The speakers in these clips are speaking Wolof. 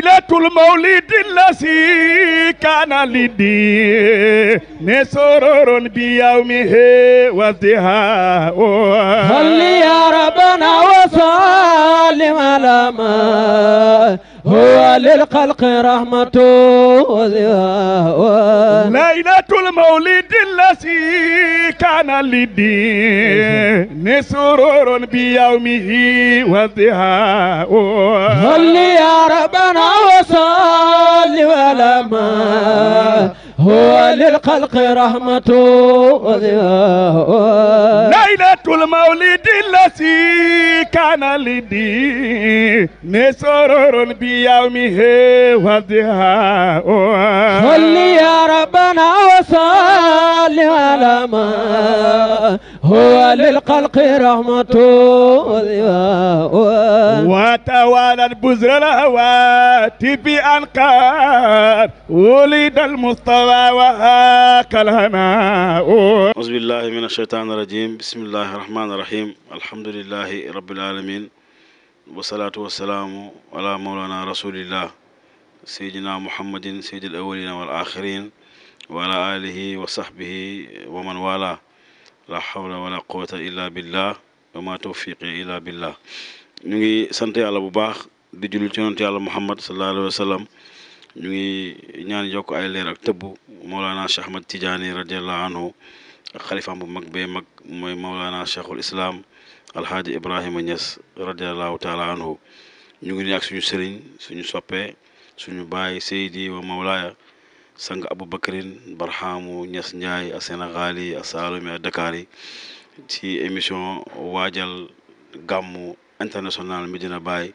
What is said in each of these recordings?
ليلة المولد الذي كان لدين سرور بيومه وازدهاء هل يا ربنا وسلم على ما هو للخلق رحمة ليلة المولد الذي كان للدين سرور بيومه وضحاه صل يا ربنا وصل ولما هو للخلق رحمة وضحاه ليلة المولد الذي كان لدي نسرور بيومه وضحاه صل يا ربنا وصل على ما هو للخلق رحمة وتوالى البزر الهواتف أنقاد ولد المصطفى وهاك الهناء أعوذ بالله من الشيطان الرجيم بسم الله bismillahi rahmaani rahim alhamdulilahi rabbil alamin wasalaatu wasalaamu ala mawlana rasulillah seydina muhammadin seydil awalina wal axirin wa ala alihi wa sahbihi wa man wala la hawla wala quwata illa billah wa ma tawfiqi illa billah ñu ngi sant yàlla bu baax di julli ci yonent yàlla muhammad sallallahu alayhi wa sallam ñu ngi ñaan yokk ay leer ak tëbb mawlana cheikh ahmad tijaani radiallahu anhu xalifaam bu mag bee mag mooy Mawlana Cheikhul Islam Alhaaji Ibrahima Niass radiallahu taala anhu ñu ngi nii ak suñu sëriñ suñu soppee suñu baay Seydi wa Mawlaaya sang Aboubacrin Barhamu Niass Ndiaye ak Sénégal yi ak Saloum yi ak ci émission waajal gàmmu international Medina Baye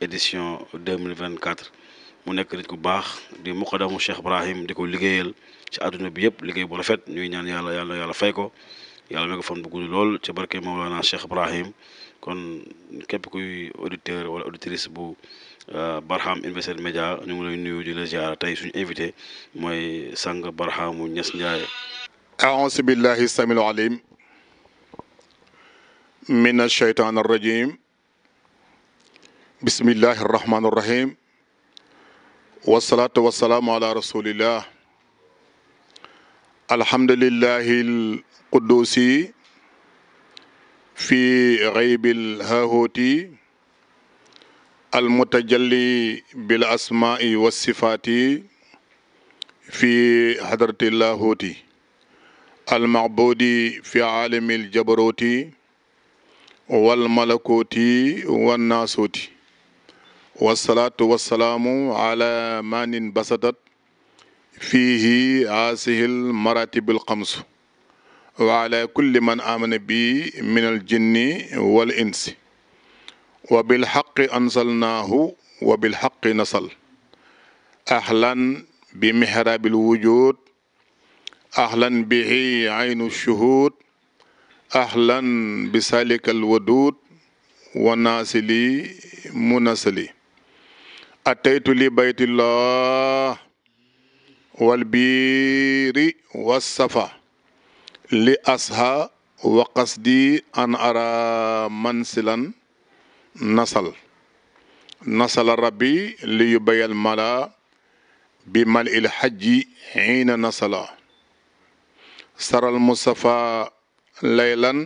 édition deux mille vingt quatre mu nekk nit ku baax di mu muqaddamu Cheikh Ibrahim di ko liggéeyal ci àdduna bi yëpp liggéey bu rafet ñuy ñaan yàlla yàlla yàlla fay ko yàlla may ko fan bu gudd lool ci barke Mawlana Cheikh Ibrahim kon képp kuy auditeur wala auditrice bu euh, Barham Universel Média ñu ngi lay nuyu di la ziara tey suñu invité mooy sang Barhamu Niass Ndiaye aousu billahi samil alim min alsheytan arrajim bismillahi arrahmani arrahim wasalaatu wasalaamu ala rasulillah alhamdulillahi alqudusi fi xaybil haahooti almutajalli bil asmaai wa sifaati fi hadrati laahooti almacbuudi fi aalami aljabarooti wal malakooti wannaasoti wasalaatu wasalaamu ala manin basatat fiihi aasihil maratibil xamsu wa ala kulli man amana bi min al jinni wal insi wa bil xaqi ansalnaahu wa bil xaqi nasal ahlan bi mihrabil wujud ahlan bihi aynu shuhud ahlan bi salikal wadud wa naasili munasali ataytu li baytillah walbiiri wassafa li asha wa qasdi an ara mansilan nasal nasala rabbi li yubayal mala bi mal il hajji xiina nasala saral mustafa laylan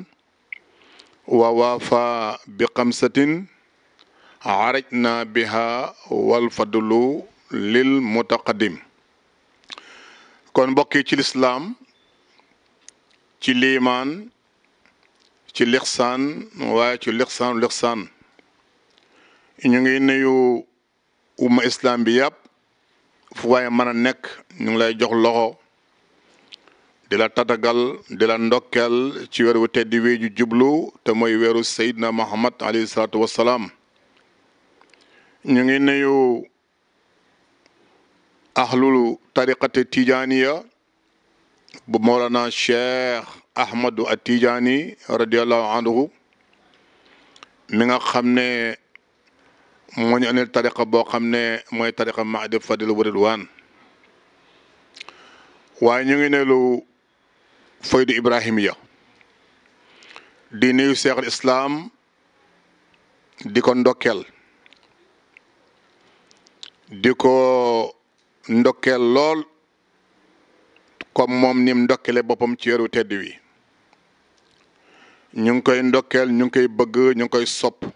wa waafa bi xamsatin arajna biha walfadlu lil mutaqaddim kon mbokk yi ci lislam ci limaan ci lixsaan waaye ci lixsaan lixsaan ñu ngi nuyu umma islam bi yàpp fu waaye mën a nekk ñu ngi lay jox loxo di la tatagal di la ndokkeel ci weer wu tedd wi jublu te mooy weeru Seydina Muhammad alayhi salaatu wassalaam ñu ngi nuyu ahlul tariqati tijaniya bu Mawlana Cheikh Ahmadu at Tijani radiallahu anhu mi nga xam ne moo ñu anel tariqa boo xam ne mooy tariqa Mahdi Fadil wa Ridwan waaye ñu ngi nelu faydu ibrahimiya di nuyu Cheikh al Islam di ko ndokkeel di ko ndokkeel lool comme moom nim ndokkele boppam ci yaru tedd wi ñu ngi koy ndokkeel ñu ngi koy bëgg ñu ngi koy sop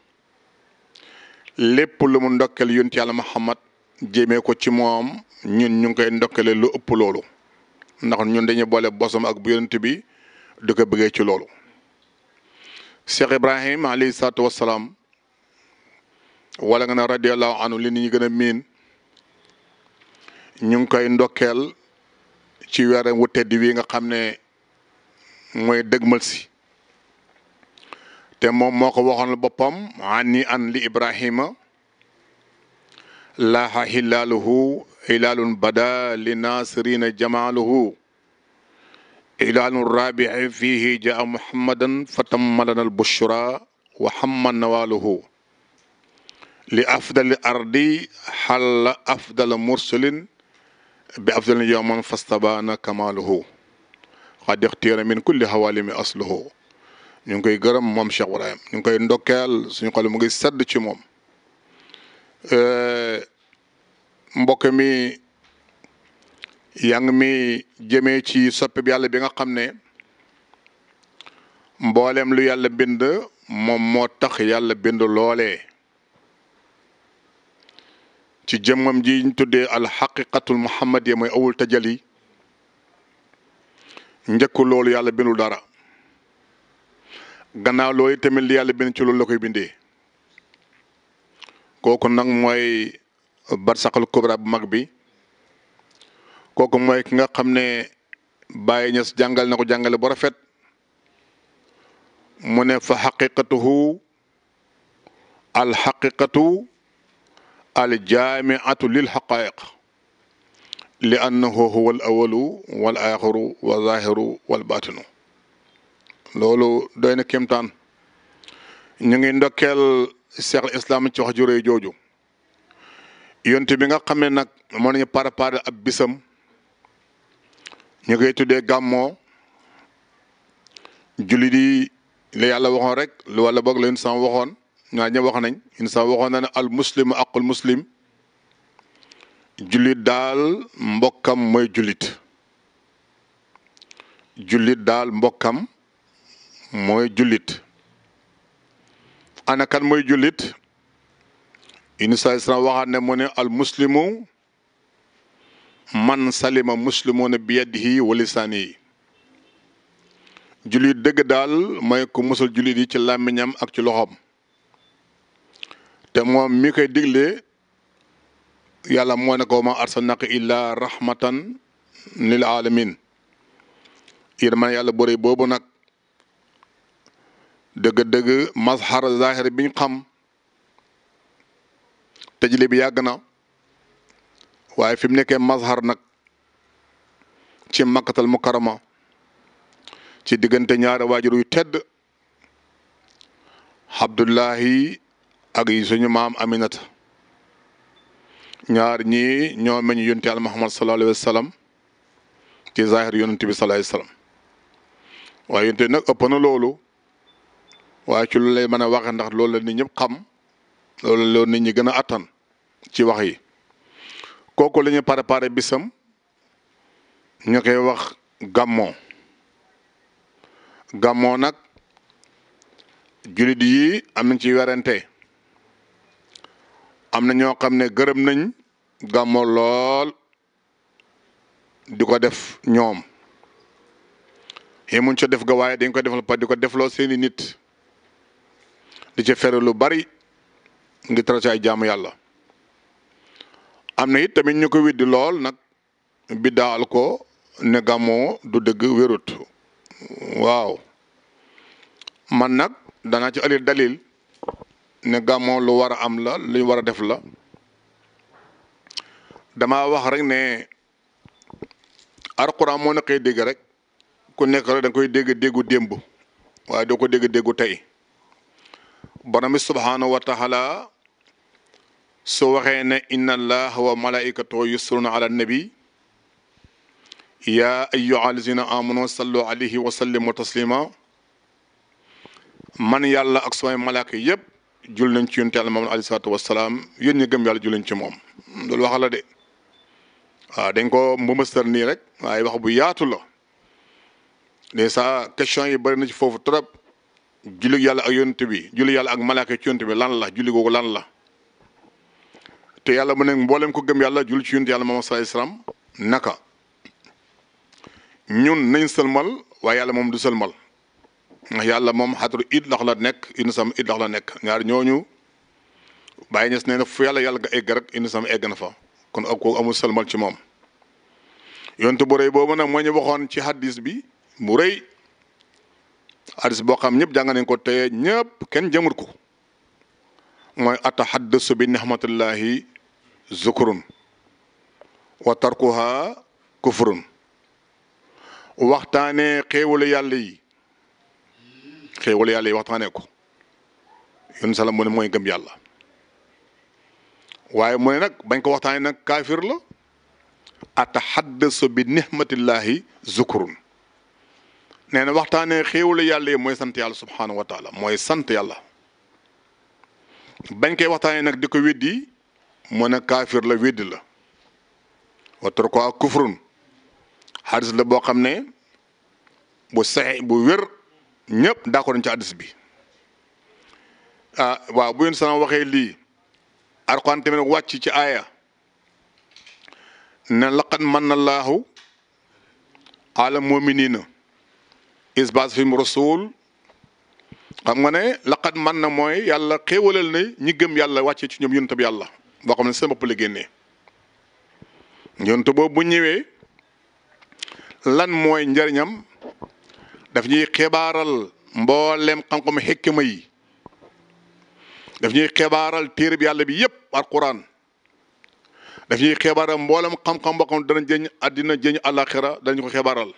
lépp lu mu ndokkeel yunt yàlla Muhammad jéemee ko ci moom ñun ñu ngi koy ndokkele lu ëpp loolu ndax ñun dañuy boole bosam ak bu yonent bi di ko bëggee ci loolu Cheikh Ibrahim alayhi salaatu wassalaam wala nga ne radiyallahu anhu li nit ñu gën a miin ñu ngi koy ndokkeel ci weeram wu tedd wi nga xam ne mooy dëgmal si te moom moo ko waxoon boppam ani an li ibrahima laaha hilaaluhu hilaalun bada li naasirina jamaaluhu hilaalun rabii fihi jaa muhammadan fatammalana albushra wa hamma nawaaluhu li afdali ardi xalla afdala mursalin bi afdal yawman fastabaana kamaaluhu xad ixtira min kulli hawalimi asluhu ñu ngi koy gërëm moom Cheikh Ibrahim ñu ngi koy ndokkeel suñ xol mu ngi sedd ci moom mbokk mi yaa mi jëmee ci soppe bi yàlla bi nga xam ne mboolem lu yàlla bind moom moo tax yàlla bind loolee ci jëmmam ji ñu tuddee alxaqiqatul muhammad ya mooy awul ta tajali njëkk loolu yàlla bindul dara gannaaw loolu tamit li yàlla bind ci loolu la koy bindee kooku nag mooy barsaqal kubra bu mag bi kooku mooy ki nga xam ne Baye Niass jàngal na ko jàngale bu rafet mu ne fa xaqiqatuhu alxaqiqatu aljaamiatu lil xaqaayiq li annahu huwa al awalu wal axiru wa zahiru wal baatinu loolu doy na kéemtaan ñu ngi ndokkeel seex al islaam ci wax jooju yonte bi nga xam ne nag moo nañu préparé ab bisam ñu koy tuddee gàmmoo jullit yi la yàlla waxoon rek lu wala boog leen sam waxoon ñaar ñëpp wax nañ insa waxoon na ne al muslimu aqul muslim jullit daal mbokkam mooy jullit jullit daal mbokkam mooy jullit ana kan mooy jullit insa islam waxaat ne mu al muslimu man salima muslimuna bi yadihi wa lisaanihi jullit dëgg daal mooy ku musal jullit yi ci làmmiñam ak ci loxoom te moom mi koy digle yàlla moo ne ko ma arsalnaka illa rahmatan lil alamin yërmaan yàlla bëri boobu nag dëgg-dëgg mazhar zahir biñ xam tëjli bi yàgg na waaye fi mu nekkee mazhar nag ci makkatal mukarama ci diggante ñaari waajur yu tedd Abdullahi ak yi suñu maam Aminata ñaar ñii ñoo meñ yonent Yàlla Muhammad sallallahu ci zahir yonent bi sallallahu alayhi wa waaye yonent nag ëpp na loolu waaye ci lu lay mën a waxe ndax loolu la nit ñëpp xam loolu la nit ñi gën a attan ci wax yi kooku la ñu préparé bisam ñu koy wax gàmmoo gàmmoo nag jullit yi am nañ ci werante am na ñoo xam ne gërëm nañ gàmmo lool di ko def ñoom yemuñ ca def ga waaye dañ ko defal pa di ko defloo seeni nit di ci fere lu bari ngi tara ci ay jaamu yàlla am na it tamit ñu ko weddi lool nag biddaal ko ne gàmmoo du dëgg wérut waaw man nag danaa ci alil dalil ne gàmmoo lu war a am la lu ñu war a def la dama wax rek ne alxuraan moo naqee dégg rek ku nekk rek da koy dégg déggu démb waaye doo ko dégg déggu tey borom bi subhaanahu wa taala su waxee ne inna allaha wa malaikatahu yusalluna ala nabi yaa ayyuha allazina amanu sallu alayhi wa taslima man yàlla ak samay malaaka yépp jul nañ ci yonent yàlla moom alayhi salaatu wasalaam yéen ñi gëm yàlla jul ci moom loolu waxala la de waaw dañ ko mbëmbëstar nii rek waaye wax bu yaatu la dèjà question yi bëri na ci foofu trop julli yàlla ak yonent bi julli yàlla ak malaaka ci yonent bi lan la julli googu lan la te yàlla mu ne mboolem ko gëm yàlla jul ci yonent yàlla moom salaay salaam naka ñun nañ sëlmal waaye yàlla moom du sëlmal ndax yàlla moom xatru it lax la nekk inu sam it lax la nekk ñaar ñooñu bàyyi ñes nee na fu yàlla yàlla nga egg rek inu sam egg fa kon ak sëlmal ci moom yontu bu rëy boobu nag moo ñu waxoon ci hadis bi mu rëy hadis boo xam ñëpp jàng nañ ko te ñëpp kenn jëmut ko mooy atahaddasu bi nihmatillahi zukurun wa tarkuha kufrun waxtaanee xéewalu yàlla yi xéewal yàlla yi waxtaanee ko yoon salaam mu ne mooy gëm yàlla waaye mu ne nag bañ ko waxtaanee nag kaafir la ataxaddasu bi nihmatillahi zukurun nee na waxtaanee xéewalu yàlla yi mooy sant yàlla subhaanahu wa mooy sant yàlla bañ koy waxtaanee nag di ko weddi mu ne kaafir la weddi la watar ko ak kufrun xadis la boo xam ne bu saxe bu wér ñëpp d'accord nañ ci bi ah waaw bu yéen sama waxee lii Alxuraan tamit wàcc ci aaya ne man na Allahu ala mu'minina is baas fi mu rasul nga ne laqad man na mooy yàlla xéewalal na ñi gëm yàlla wàcce ci ñoom yonent bi yàlla boo xam ne seen bopp la génnee yonent boobu ñëwee lan mooy njariñam daf ñuy xibaaral mboolem xam-xam xikma yi daf ñuy xebaaral téere bi yàlla bi yëpp alquran daf ñuy xibaaral mboolem xam-xam boo xam dana jëñ àddina jëñ àllaaxira danañ ko xibaaral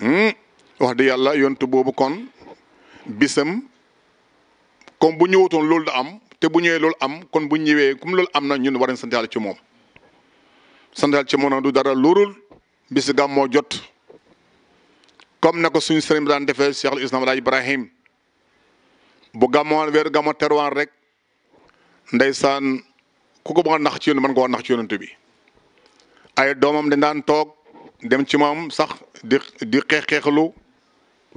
hmm? wax dëgg yàlla yontu boobu kon bisam comme bu ñëwutoon loolu da am te bu ñëwee loolu am kon bu ñëwee comme loolu am na ñun war nañ ci moom sant yàlla ci moom du dara loolul bis gàmmoo jot comme na ko suñu sëriñ daan defee Cheikhul Islam Alaaji Ibrahim bu gàmmoon weer gàmmo terwaan rek ndeysaan saan ko bëgg a nax ci yoon mën ci yonent bi ay doomam dañ daan toog dem ci moom sax di di xeex xeexlu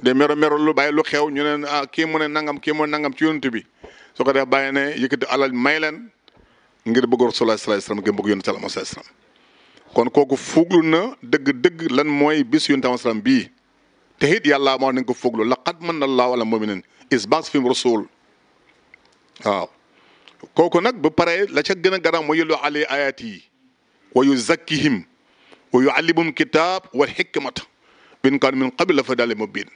de mero mero lu bàyyi lu xew ñu ne ah kii mu ne nangam kii mu nangam ci yonent bi su ko def bàyyi ne yëkkati alal may leen ngir bëgg Rasulullah sallallahu alayhi wasallam ngir bëgg yonent kon kooku fuglu na dëgg-dëgg lan mooy bis yonent sallallahu alayhi wasallam bii. te it yàlla moo nañ ko foglu laqad manna allahu ala mu'minin is baas fim rasul waaw kooku nag ba pare la ca gën a garaaw mooy yëllu ali ayat yi wa yuzakkihim wa yuallimum kitab wal hikmata bin kaan min qabl la fa dale mubin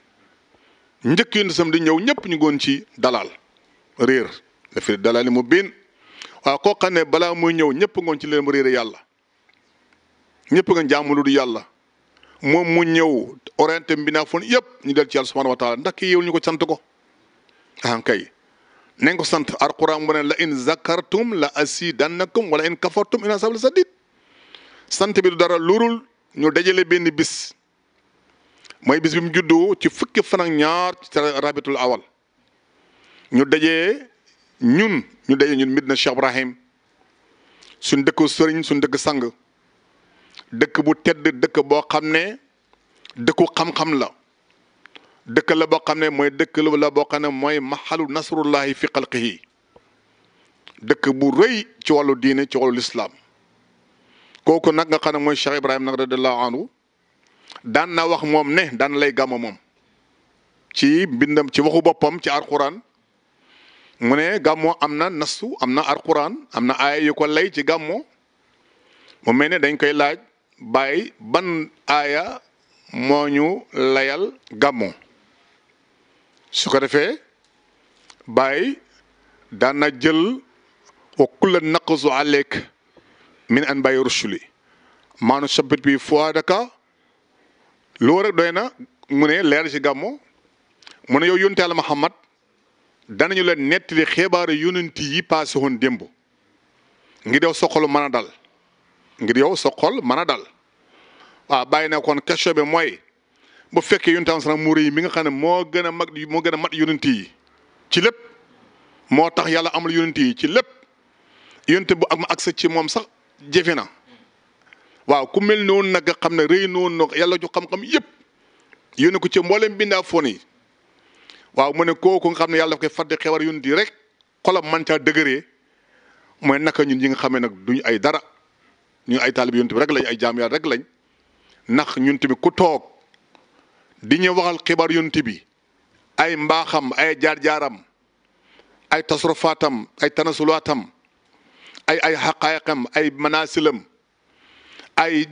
njëkk yonent sam di ñëw ñëpp ñu ngoon ci dalal réer la fi dalali mubin waaw koo xam ne balaa muy ñëw ñëpp ngoon ci leen mu réere yàlla ñëpp nga jaamu yàlla moom mu ñëw orienté mbinaafoon yëpp ñu del ci yàlla subhanahu wa ndax ki yéwul ñu ko sant ko ahan kay nañ ko sant alquran mu ne la in zakartum la asidannakum wala in kafartum ina sabla sadid sant bi du dara lurul ñu dajale benn bis mooy bis bi mu juddoo ci fukki fan ñaar ci rabitul awal ñu daje ñun ñu dajee ñun Medina Cheikh Ibrahim suñ dëkk sëriñ suñ dëkk sang dëkk bu tedd dëkk boo xam ne dëkku xam-xam la dëkk la boo xam ne mooy dëkk la boo xam ne mooy maxalu nasrullahi fi xalqihi dëkk bu rëy ci wàllu diine ci wàllu lislaam kooku nag nga xam ne mooy Cheikh Ibrahima nag radiallahu anhu daan na wax moom ne daan lay gàmm moom ci bindam ci waxu boppam ci alquran mu ne gàmmoo am na nastu am na alquran am na aaya yu lay ci gàmmoo mu mel ne dañ koy laaj bàyyi ban aaya moo ñu layal gàmmu su ko defee bàyyi daan na jël wa kulla naqsu aleyk min an bàyyi rusuli maanu sabit bi fuadaka loo rek doy na mu ne leer ci gàmmu mu ne yow yonte Yàlla Muhammad danañu leen nettali xibaaru yonent yi paase woon démb ngi dew soxalu mën a dal ngir yow sa xool mën a dal waaw bàyyi na kon question bi mooy bu fekkee yonent am muur yi mi nga xam ne moo gën a mag moo gën a mat yonent yi ci lépp moo tax yàlla amul yonent yi ci lépp yonent bu am accès ci moom sax jafe na waaw ku mel noonu nag nga xam ne rëy noonu nag yàlla ju xam-xam yëpp yónni ko ci mboolem bindaa foon yi waaw mu ne kooku nga xam ne yàlla daf koy fàtte xewar yonent yi rek xolam man ca dëgëree mooy naka ñun yi nga xamee ne nag duñu ay dara. ñu ay taalib yonent rek lañ ay jaam yàlla rek lañ ndax ñun tamit ku toog di ñëw waxal xibaar yonent bi ay mbaaxam ay jaar-jaaram ay tasrufaatam ay tanasulaatam ay ay ay manaasilam ay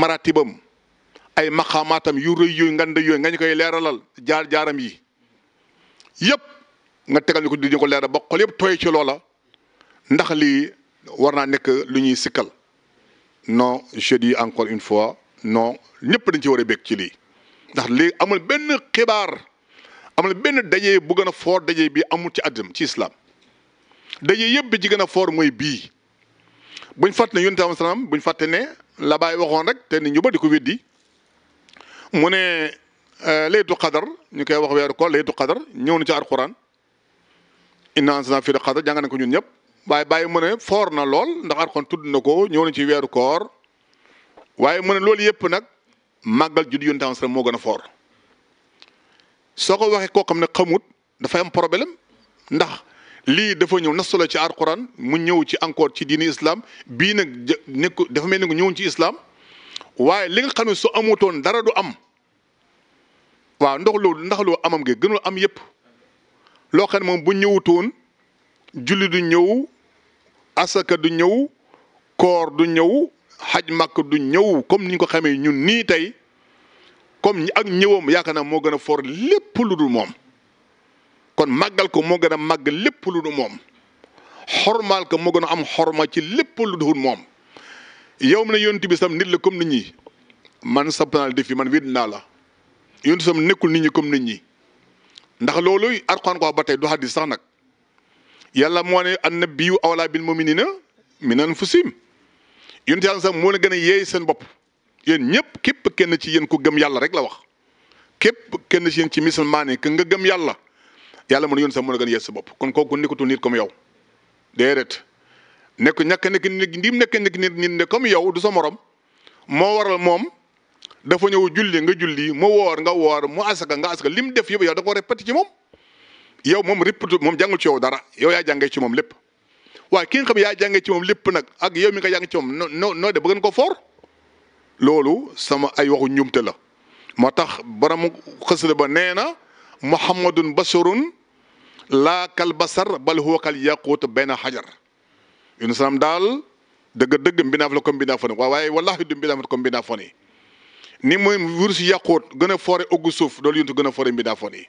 maratibam ay maqaamaatam yu rëy yooyu nganda yooyu nga koy leeralal jaar-jaaram yi yëpp nga tegal ñu ko di ñu ko leeral ba xol yëpp tooy ci loola ndax li war naa nekk lu ñuy sikkal non je dis encore une fois non ñëpp dañ ci war a bég ci lii ndax léegi amul benn xibaar amul benn daje bu a foor daje bi amul ci àddina ci islam daje yëpp bi ci gën a foor mooy bii buñ fàtte ne yonent am salaam buñ fàtte ne la waxoon rek te nit ñu ba di ko weddi mu ne euh, laytu qadar ñu koy wax weeru ko laytu qadar ñëw na ci alquran inna anzalnahu fi qadar jàng nañ ko ñun ñëpp. waaye bàyyi mu ne foor na lool ndax Alxuraan tudd na ko ñëw na ci weeru koor waaye mu ne loolu yëpp nag màggal judd yonent am moo gën a foor soo ko waxee koo xam ne xamut dafa am problème ndax lii dafa ñëw nas la ci Alxuraan mu ñëw ci encore ci diini islam bii nag nekku dafa mel ni ñëwuñ ci islam waaye li nga xam ne su amutoon dara du am waaw ndox loolu ndax loo amam gi gënul am yépp loo xam ne moom bu ñëwutoon jullit du ñëw asaka du ñëw koor du ñëw xaj màkk du ñëw comme ni ko xamee ñun nii tey comme ak ñëwam yaakaar naa moo gën a for lépp lu dul moom kon màggal ko moo gën a màgg lépp lu dul moom xormaal ko moo gën a am xorma ci lépp lu dul moom yow mi ne yonent bi sam nit la comme nit ñi man sab naa la defi man wéet naa la yonent sam nekkul nit ñi comme nit ñi ndax loolu Alxuraan ko ba tey du hadiis sax nag yàlla moo ne moom awlaa bil mi min anfusihim yonent yàlla sax moo la gën a yeey seen bopp yéen ñëpp képp kenn ci yéen ko gëm yàlla rek la wax képp kenn ci yéen ci musulmaan yi que nga gëm yàlla yàlla mu ne yoon sax moo la gën a yeey sa bopp kon kooku nekkatul nit comme yow déedéet nekk ñàkk nekk nit ndim nekk nekk nit nit ne comme yow du sa morom moo waral moom dafa ñëw julli nga julli mu woor nga woor mu asaka nga asaka lim def yëpp yow da ko répété ci moom yow moom ripp moom jàngul ci yow dara yow yaa jàngee ci moom lépp waaye ki nga xam yaa jàngee ci moom lépp nag ak yow mi nga jàng ci moom no no noo de bëgg ko foor loolu sama ay waxu ñumte la moo tax borom xasida ba nee na muhammadun basharun laa kal basar bal huwa kal yaquut benn xajar yun salaam daal dëgg dëgg mbindaaf la ko mbindaaf foni waaye wallaahi du mbindaaf la ko mbindaaf foni ni mooy wurus yaquut gën a foore oggu suuf loolu yuntu gën a foore mbindaaf foni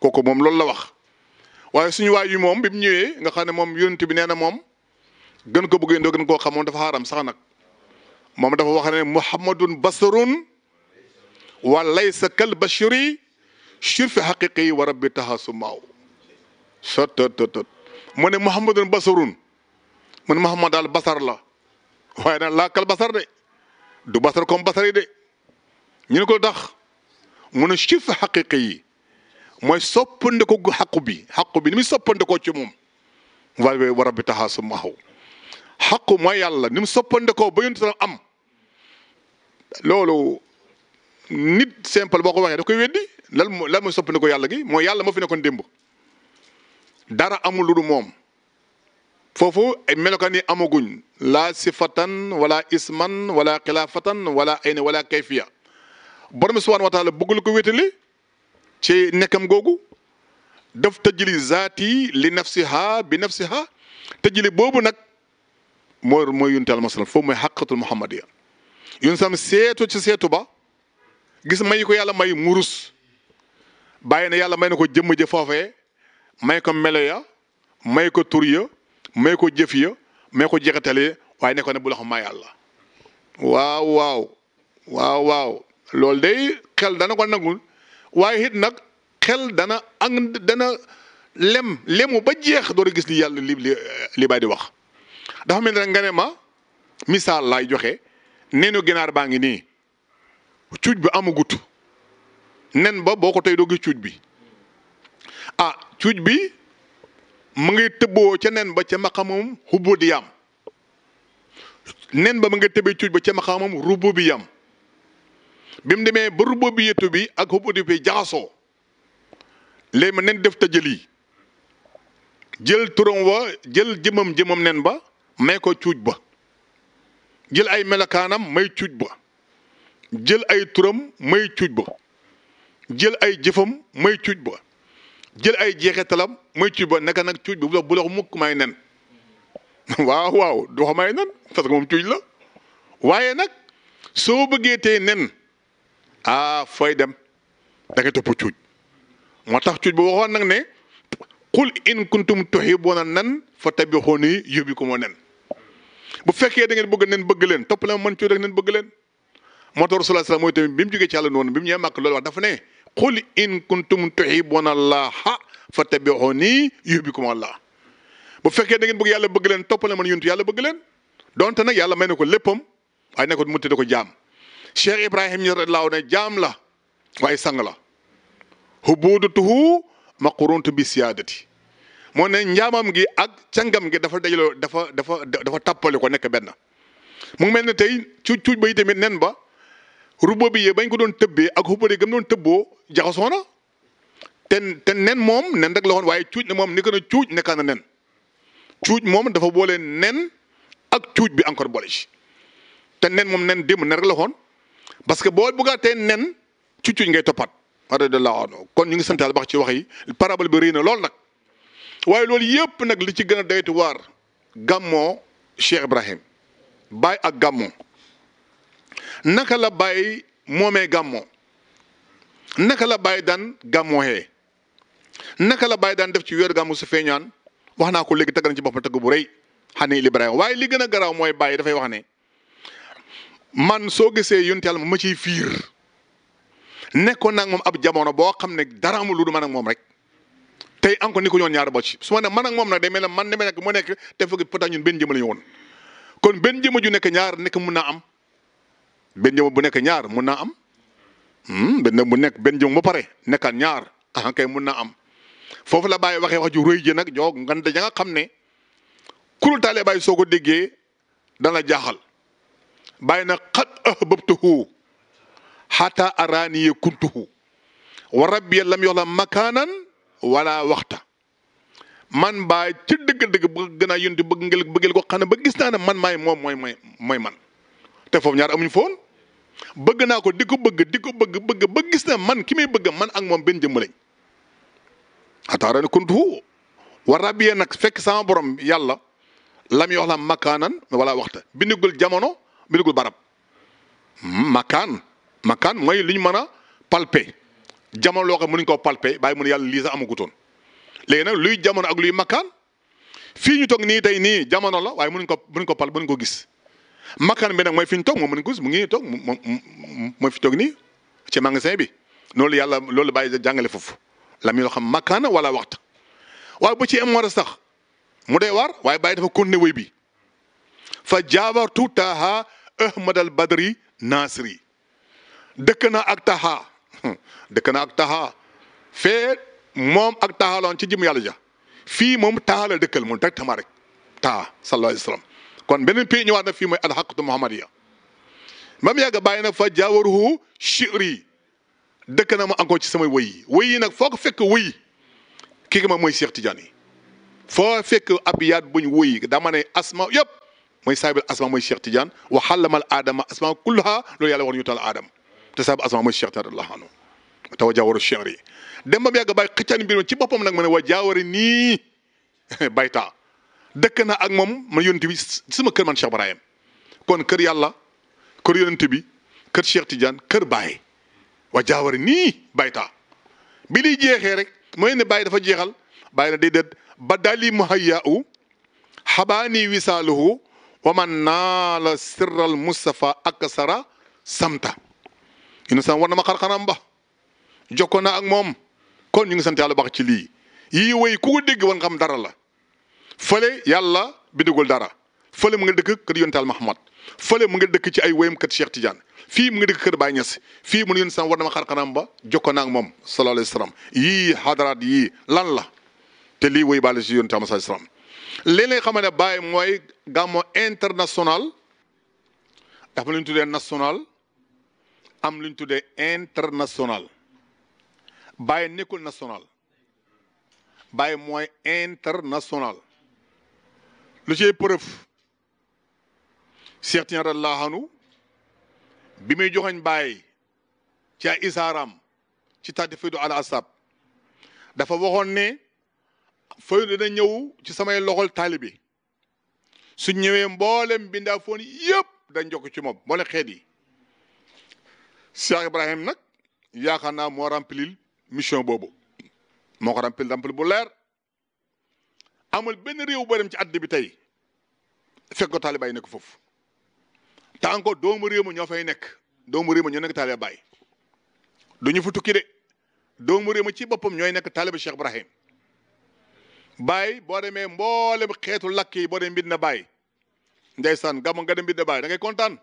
kooku moom loolu la wax waaye suñu waay yi moom bi mu ñëwee nga xam ne moom yonent bi nee na moom gën ko bëggee ndoo gën koo xamoon dafa xaaram sax nag moom dafa wax ne muhammadun basarun wa laysa kal bashiri shir fi xaqiqi yi wa rabbi taxasu maaw sot tot tot mu ne muhammadun basarun mu ne muhammad daal basar la waaye nag laa basar de du basar comme basar yi de ñu ne ko tax mu ne shir fi xaqiqi yi mooy soppandiku gu xaqu bi xaqu bi ni muy soppandikoo ci moom waaye war a bi taxaa su maxaw xaqu mooy yàlla ni mu soppandikoo ba yonent am loolu nit simple boo ko waxee daf koy weddi lan moo lan yàlla gi mooy yàlla moo fi nekkoon démb dara amul lu dul moom foofu ay melokaan yi amaguñ laa sifatan wala isman wala xilaafatan wala ayne wala kayfiya borom subhaanahu wa taala bëggul ko wéetali ci nekkam googu def tëjli zaati li nafsiha bi nafsiha tëjli boobu nag mooy mooy yunte almasal foofu mooy xaqatul muhammadiya yun sam seetu ci seetu ba gis may ko yàlla may murus bàyyi na yàlla may na ko jëmm ja foofee may ko melo ya may ko tur ya may ko jëf ya may ko jeexatale waaye ne ko ne bu la xam maa yàlla waaw waaw waaw waaw loolu xel dana ko nangul waaye it nag xel dana ang lem lemu ba jeex door a gis li yàlla li li baay di wax dafa mel ne nga ne ma misaal laay joxe neenu ginaar baa ngi nii cuuj bi amagut nen ba boo ko tey doo cuuj bi ah cuuj bi mu ngi tëbboo ca nen ba ca maqamam xubbu di yam nen ba mu ngi tëbbee cuuj ba ca maqamam rubbu bi yam bi mu demee ba rububiyatu bi ak xubudi bi jaxasoo léegi ma nen def ta yi jël turam wa jël jëmam jëmam nen ba may ko cuuj ba jël ay melakaanam may cuuj ba jël ay turam may cuuj ba jël ay jëfam may cuuj ba jël ay jeexitalam may cuuj ba naka nag cuuj ba bu la mukk may nen waaw waaw du may nen parce que moom cuuj la waaye nag soo bëggee tey nen ah fooy dem da nga topp cuuj moo tax cuuj boo waxoon nag ne qul in kuntum tuhibbuuna nan fattabi'uuni yuhbibkumu nen bu fekkee da ngeen bëgg nen bëgg leen topp leen man cuuj rek nen bëgg leen moo tax rasulullah salaam mooy tamit bi mu jógee ci àll noonu bi mu ñëwee màkk loolu wax dafa ne qul in kuntum tuhibbuuna llaaha fattabi'uuni yuhbibkumu llaah bu fekkee da ngeen bëgg yàlla bëgg leen topp leen man yuntu yàlla bëgg leen donte nag yàlla may na ko léppam waaye ne ko mu tëdd ko jaam cheikh ibrahim ñi radiyallaahu ne la waaye sang la hubuudatuhu maqruntu bi siyaadati moo ne njaamam gi ak sangam gi dafa dajaloo dafa dafa dafa tàppale ko nekk benn mu mel ne tey cuuj cuuj ba tamit nen ba rubo bi yee bañ ko doon tëbbee ak xubari gam doon tëbboo jaxasoo na ten ten nen moom nen rek la woon waaye cuuj na moom ni ko na cuuj nekkaa na nen cuuj moom dafa boole nen ak cuuj bi encore boole ci te nen moom nen démb nen rek la woon parce que boo bëggaatee nen ci cuuj ngay toppaat radiyallahu anhu kon ñu ngi sant yàlla baax ci wax yi parabole bi rëy na lool nag waaye loolu yëpp nag li ci gën a doyati waar gàmmoo Cheikh Ibrahim baay ak gàmmoo naka la baay moomee gàmmoo naka la baay daan gàmmohee naka la baay daan def ci weer gàmmu su feeñaan wax naa ko léegi tagg na ci boppam tagg bu rëy xane il Ibrahima waaye li gën a garaaw mooy baay dafay wax ne man soo gisee yonent yàlla ma ciy fiir nekkoon naa moom ab jamono boo xam ne dara amul lu du man moom rek tey encore ni ko ñoon ñaar bocc su ma ne man ak moom na day mel ne man demee nag mu nekk te fekk pourtant ñun benn jëmm la ñu woon kon benn jëmm ju nekk ñaar nekk mun naa am bu nekk ñaar mun na am hmm, benn bu nekk benn jëmm ba pare nekkaat ñaar ah kay mun naa am foofu la bàyyi waxee wax ju rëy ji nag joo ngan da nga xam ne kurul taalee bàyyi soo ko déggee dana jaaxal. bàyyi na xat ahbabtuhu xata araaniya kuntuhu wa rabbiya lam yox la makaanan wala waxta man baay ci dëgg-dëgg bëgg gën a yonti bëgg ngel bëggel ko xam ne ba gis naa ne man maay moom mooy mooy mooy man te foofu ñaar amuñu foon bëgg naa ko di ko bëgg di ko bëgg bëgg ba gis na man ki may bëgg man ak moom benn jëmm lañ xataa araani kuntuhu wa rabbiya nag fekk sama borom yàlla lam yox la makaanan wala waxta bindugul jamono mbirugul barab makaan makaan mooy li ñu mën a palper jamono loo xam mënuñ koo palper bàyyi mun yàlla lii sax amagutoon léegi nag luy jamono ak luy makaan fii ñu toog nii tey nii jamono la waaye mënuñ ko mënuñ ko palper mënuñ ko gis makaan bi nag mooy fi ñu toog moom mënuñ ko mu ngi toog mooy fi toog nii ci magasin bi loolu yàlla lool bàyyi jàngale foofu la yoo xam makaana wala waxta waaye ba ci am war a sax mu dee waar waaye bàyyi dafa continuer wéy bi fa jaabartu taaha ahmad al badri nasri dëkk na ak taxaa dëkk na ak taxaa fee moom ak taxaa loon ci jëm yàlla ja fii moom taxaa la dëkkal moom directement rek taxaa sallallahu alayhi wa sallam kon beneen pays ñëwaat na fii mooy alxaqatu muhammadiya ba mu yàgg bàyyi na fa jaawaruhu shiri dëkk na ma encore ci samay wëy wëy yi nag foo ko fekk wëy kii ma mooy Cheikh Tidiane yi foo fekk ab yaat buñ wëy dama ne asma yëpp mooy saahibul asma mooy Cheikh Tidiane wa xallamal aadama asma kullaha loolu yàlla war ñu tal aadam te saahibul asma mooy Cheikh Tidiane radiyallahu anhu tawa jaawaru chenri dem ba mu yàgg bàyyi xëccaan mbir ci boppam nag ma ne waa nii baytaa dëkk na ak moom man yonent bi sama kër man Cheikh Ibrahim kon kër yàlla kër yonent bi kër Cheikh Tidiane kër Baye waa jaawari nii baytaa bi liy mooy ne Baye dafa jeexal Baye na déedéet ba daali muhayyaa u wa man naala sirral Mustafa aksara samta yéen sam war na ma xar-xaram ba ak moom kon ñu ngi sant yàlla baax ci lii yii woy ku ko dégg war nga xam dara la fële yàlla bindagul dara fole mu nga dëkk kër yontaal Mahamad fële mu nga dëkk ci ay woyam kër Cheikh Tidiane fii mu nga dëkk kër Baye Niass fii mu ne yéen sam war na ma xar-xaram ba ak moom sallallahu alayhi wa sallam yii hadaraat yii lan la te lii woy baale si yontaal Mahamad sallallahu alayhi li nga xam ne mooy gàmmo international dafa lu ñu tuddee national am lu ñu tuddee international bàyyi nekkul national bàyyi mooy international lu ciy preuve Cheikh Tijaan radiyallaahu anhu bi muy joxoñ bàyyi ci ay isaaram ci tàddi fidu al asab dafa waxoon ne fooy dina ñëw ci samay loxol taalibi su ñëwee mboolem bindaa foon yëpp dañ jokk ci moom mboole xeet yi Cheikh Ibrahim nag yaakaar naa moo remplir mission boobu moo ko remplir remplir bu leer amul benn réew boo dem ci àdd bi tey fekk ko taalibaay nekk foofu te encore doomu réew ma ñoo fay nekk doomu réew ma ñoo nekk taalibaay du ñu fa tukki de doomu réew ma ci boppam ñooy nekk taaliba Cheikh Ibrahim bàyyi boo demee mboolem xeetu lakk yi boo demee mbir na bàyyi ndeysaan gàmmu nga dem mbir na bàyyi da ngay kontaan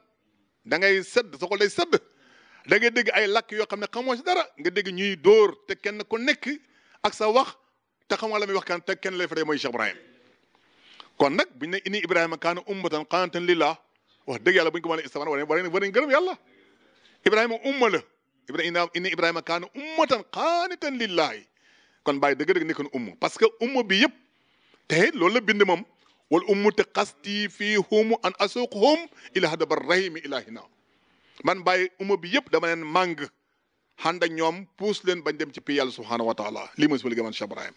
da ngay sedd sa xol day sedd da ngay dégg ay lakk yoo xam ne xamoo si dara nga dégg ñuy door te kenn ku nekk ak sa wax te xamoo la muy wax kan te kenn lay fa mooy Cheikh Ibrahim kon nag buñ ne inni Ibrahima kaana ummatan qaanitan lillah wax dëgg yàlla bu ñu ko mënee istaan war gërëm yàlla Ibrahima umma la Ibrahima inni lillahi kon bàyyi dëgg-dëgg nekk na ummu parce que ummu bi yëpp te loolu la bind moom wal ummu te xasti fii humu an asuqhum ila hadabar rahimi ilahina man bàyyi ummu bi yëpp dama leen màng xànd ak ñoom puus leen bañ dem ci pi yàlla subhanahu wa taala lii mooy suma liggéey man Cheikh Ibrahim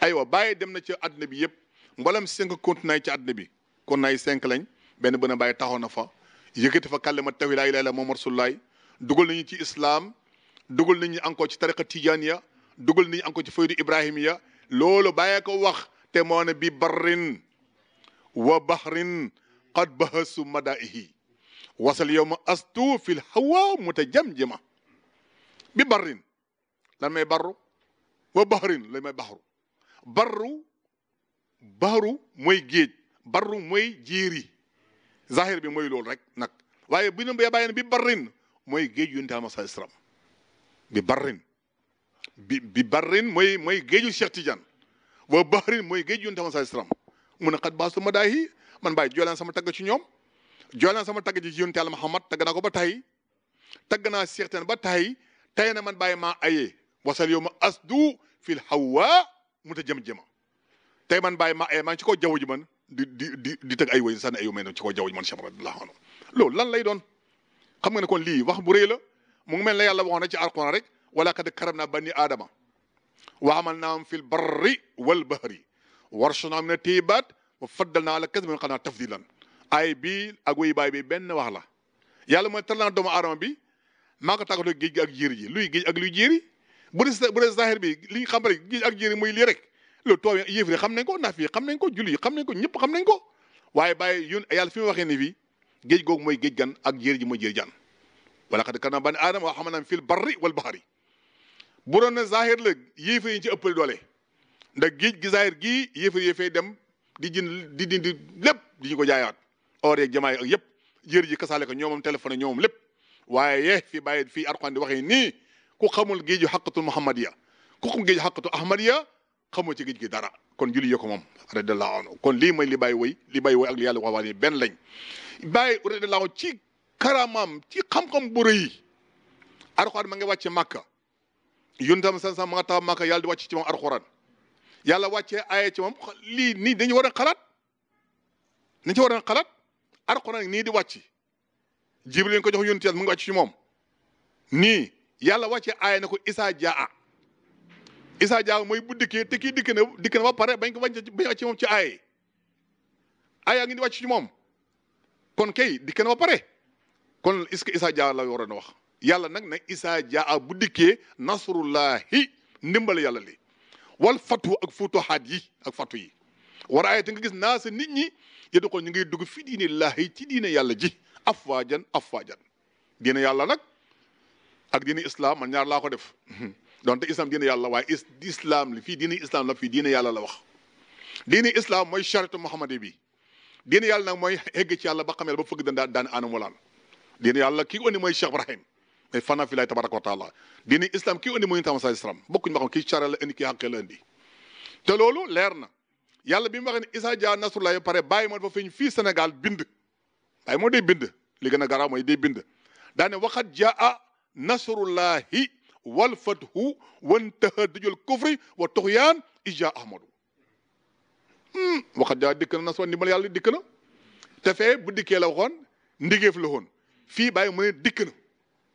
aywa bàyyi dem na ci àdduna bi yëpp mboolem cinq continent ci àdduna bi continent yi cinq lañ benn bën a bàyyi taxaw na fa yëkkati fa kàllama tawhid laa ilaaha illa moom rasulullaay dugal nañu ci islam dugal nañu encore ci tariqa tijaaniya dugal nañu encore ci faydu ibrahimiya loolu bàyyee ko wax te moo bi barrin wa bahrin qad bahasu madaihi wasal yow ma astu fil hawa mutajamjima bi barrin lan may barru wa bahrin lan may baxru barru baxru mooy barru mooy jéeri zahir bi mooy loolu rek nag waaye bu ñu bàyyee ne bi barrin mooy géej yonent ama sa islam bi barrin bi bi barrin mooy mooy géeju Cheikh Tidiane wa bahrin mooy géej yonent ma sallallahu alayhi wasallam mun a xat baasu ma daayi man bàyyi joolaan sama tagg ci ñoom joolaan sama tagg ci yonent Yàlla Muhammad tagg naa ko ba tay tagg naa Cheikh ba tay tay na man bàyyi maa ayee wasal yow ma asdu fil hawa mu ta jëm-jëma tay man baay maa ayee maa ngi ci kaw jaww ji man di di di di tëgg ay woy sànni ay yow man ci kaw jaww ji man Cheikh radiyallahu anhu loolu lan lay doon xam nga ne kon lii wax bu rëy la mu ngi mel ne yàlla waxoon na ci alquran rek wala kad na bani aadama wa hamalnaahum fil barri wal bahri warshana min tiibaat wa faddalna ala kasbi min xanaa tafdilan ay bii ak wuyu baay bi benn wax la yàlla mooy tànnal doomu aadama bi maa ko tàggatoo géej gi ak jiir ji luy géej ak luy jiiri bu dee bu zahir bi li xam na géej ak jiiri muy lii rek loolu tooy xam na ko naaf yi xam nañ ko julli xam nañ ko ñëpp xam nañ ko waaye bàyyi yun yàlla fi mu waxee ni fii géej googu mooy géej gan ak jiir ji mooy jiir jaan wala xad karramnaa banii aadama wa hamalnaahum fil barri wal bahri bu na zahir la yéefar ci ëppal doole nda géej gi zahir gi yéefar yi dem di jënd di dindi lépp di ñu ko jaayaat or yeeg jamaay ak yëpp jër ji kasaale ko ñoomam téléphone ñoomam lépp waaye yee fi bàyyi fii Alxuraan di waxee nii ku xamul géeju xaqatul muhammadiya ku xam géeju xaqatul ahmadiya xamoo ci géej gi dara kon julli yee ko moom radiyallahu anhu kon lii mooy bàyyi woy li bàyyi woy ak li yàlla wax waa benn lañ bàyyi radiyallahu ci karamaam ci xam-xam bu rëy Alxuraan ma nga wàcce Màkka yun tam san san ma nga taxaw Màkka yàlla di wàcc ci moom alxuraan yàlla wàccee aaye ci moom lii nii dañu war a xalaat dañu ci war a xalaat alxuraan nii di wàcc Jibril leen ko jox yun teel mu ngi wàcc ci moom nii yàlla wàccee aaye na ko Isa jaa Isa jaa mooy bu dikkee te kii dikk na dikk ba pare bañ ko wàcc bañ wàcc moom ci aaye aayaa ngi di wàcc ci moom kon kay dikk na ba pare kon iss ce que Isa jaa la waroon wax. yàlla nag ne isaa jaa bu dikkee nasrullahi ndimbal yàlla li wal fatu ak futuhaat yi ak fatu yi war a ayete nga gis naa sa nit ñi yeddu ko ñu ngi dugg fi diine laahi ci yàlla ji afwaajan afwaajan diine yàlla nag ak diine islam man ñaar laa ko def donte islam diine yàlla waaye is islam li fii diine islam la fii diine yàlla la wax diine islam mooy charitu muhammadi bi diine yàlla nag mooy egg ci yàlla ba xamee ba fëgg daan daan anam walaal diine yàlla ki ko indi mooy Cheikh mais fana fi laay wa taala diini islam kii indi mooy tam sa islam bokkuñu ma xam kii cara la indi kii xàqee te loolu leer na yàlla bi mu waxee ne isa jaa nasrullah pare bàyyi moo dafa feeñ fii Sénégal bind bàyyi moo day bind li gën a garaaw mooy day bind daane waxat jaa nasrullahi wal fathu wan tahadijul kufri wa tuxyaan ija ahmadu hmm, waxat jaa dikk na nasru ndimbal yàlla dikk na te fee ndigeef la fii bàyyi